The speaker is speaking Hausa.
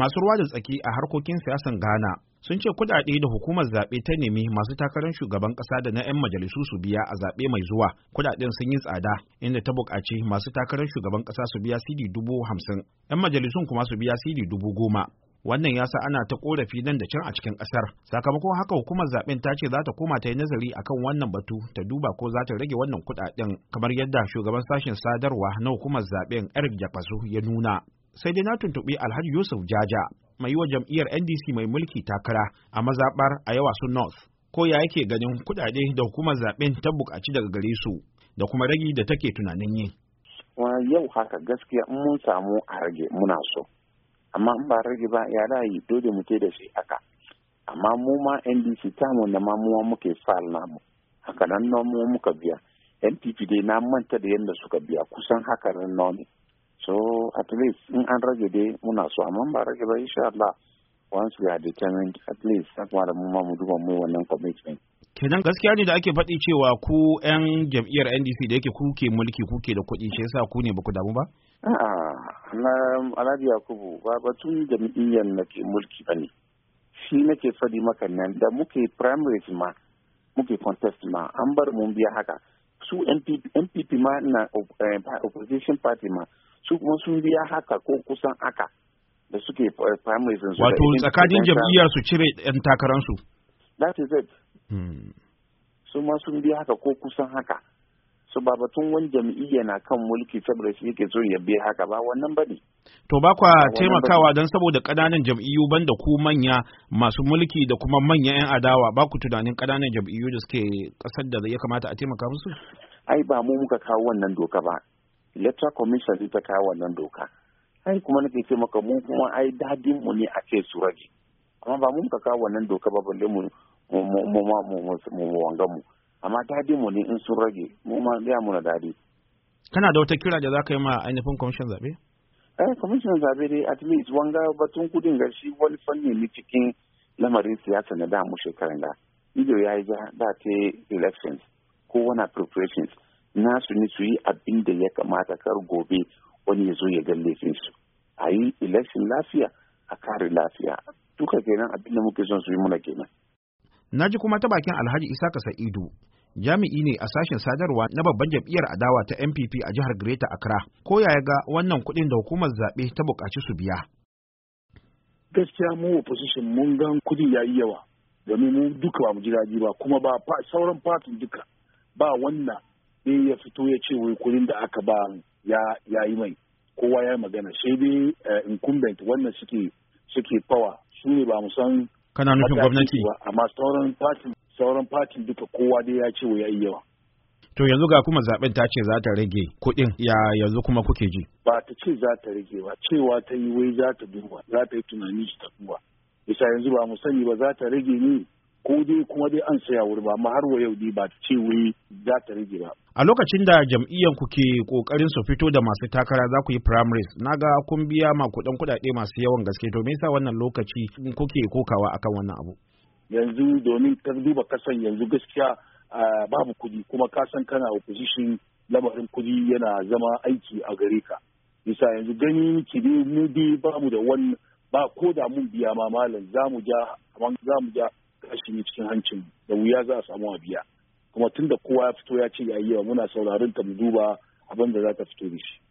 masu ruwa da tsaki a harkokin siyasan Ghana sun ce kudade da hukumar zaɓe ta nemi masu takarar shugaban ƙasa da na 'yan majalisu su biya a zaɓe mai zuwa kudaden sun yi tsada inda ta buƙaci masu takarar shugaban ƙasa su biya CD dubu hamsin 'yan majalisun kuma su biya CD dubu goma. Wannan ya sa ana ta korafi nan da can a cikin ƙasar. Sakamakon haka hukumar zaɓen ta ce za ta koma ta yi nazari akan wannan batu ta duba ko za ta rage wannan kudaden kamar yadda shugaban sashen sadarwa na hukumar zaɓen Eric Jafasu ya nuna. sai dai na tuntuɓi Alhaji Yusuf Jaja mai yi wa jam'iyyar NDC mai mulki takara a mazaɓar a yawa su North ko ya yake ganin kuɗaɗe da hukumar zaɓen ta buƙaci daga gare su da kuma ragi da take tunanin yi. yau haka gaskiya in mun samu a rage muna so amma in ba rage ba ya rayu dole mu da shi haka amma mu ma NDC tamu na ma mu muke fal namu haka nan mu muka biya NPP dai na manta da yadda suka biya kusan haka nan ne. so at least in an rage dai muna so amma ba rage ba insha Allah once we are determined at least na kuma da mu ma mu duba mu wannan commitment kenan gaskiya ne da ake faɗi cewa ku 'yan jam'iyyar ndc da yake kuke mulki kuke da kuɗi shi yasa ku ne ba ku damu ba ah, a alhaji yakubu ba batun jam'iyyar na ke mulki bane shi nake faɗi maka nan da muke primaries ma muke contest ma an bar mun biya haka su npp ma na eh, opposition party ma su kuma sun biya haka ko kusan haka da suke primaries su wato tsakanin jam'iyyar su cire yan takararsu that is it hmm. su ma sun biya haka ko kusan haka su ba batun wani jam'iyya na kan mulki saboda shi yake so ya biya haka ba wannan ba ne to ba kwa taimakawa don saboda ƙananan jam'iyyu ban da ku manya masu mulki da kuma manya 'yan adawa ba ku tunanin ƙananan jam'iyyu da suke ƙasar da ya kamata a taimaka musu ai ba mu muka kawo wannan doka ba electoral commission ta kawo wannan doka ai kuma nake ce maka mun kuma ai dadin mu ne a ce su rage amma ba mun ka kawo wannan doka ba balle mu mu mu mu mu wanga mu amma dadin mu ne in sun rage mu ma ga mu na dadi kana da wata kira da za yi ma ainihin commission zabe eh commission zabe dai at least wanga batun kudin gashi wani fanni ne cikin lamarin siyasa na mu shekaran da ido ya yi da ta elections ko wani preparations nasu ne su yi abin da ya kamata kar gobe wani ya zo ya ga laifin su a yi ilashin lafiya a kare lafiya duka kenan abin da muke son su yi muna kenan. na ji kuma ta bakin alhaji Isaka sa'idu jami'i ne a sashen sadarwa na babban jam'iyyar adawa ta npp a jihar greta accra ko ya ga wannan kuɗin da hukumar zaɓe ta buƙaci su biya gaskiya mu opposition mun gan kudi yayi yawa domin mu duka ba mu ji daji ba kuma ba sauran fatin duka ba wannan sai ya fito ya ce wai kurin da aka ba ya yi mai kowa ya magana sai dai eh, incumbent wannan suke suke fawa su ne ba mu san kana nufin gwamnati amma sauran fatin sauran duka kowa dai ya ce wai ya yi yawa to yanzu ga kuma zaben ta ce za ta rage kuɗin ya yanzu kuma kuke ji ba ta ce za ta rage ba cewa ta yi wai za ta duba za ta yi tunani ta duba bisa yanzu ba mu sani ba za ta rage ni ko dai kuma dai an saya wuri ba amma har wa yau dai ba ce wai za ta rage ba. A lokacin da jam'iyyar ku ke kokarin su fito da masu takara za ku yi primaries na ga kun biya ma makudan kuɗaɗe masu yawan gaske to me yasa wannan lokaci kuke kokawa akan wannan abu. Yanzu domin ka duba kasan yanzu gaskiya babu kuɗi kuma ka san kana opposition lamarin kuɗi yana zama aiki a gare ka. Bisa yanzu gani ki dai mu dai mu da wani ba ko da mun biya ma malam za za mu ja ne cikin hancin da wuya za a samu a biya kuma tunda kowa ya fito ya ce yayi yi yawa muna sauraron ta mu duba abin da za ta fito da shi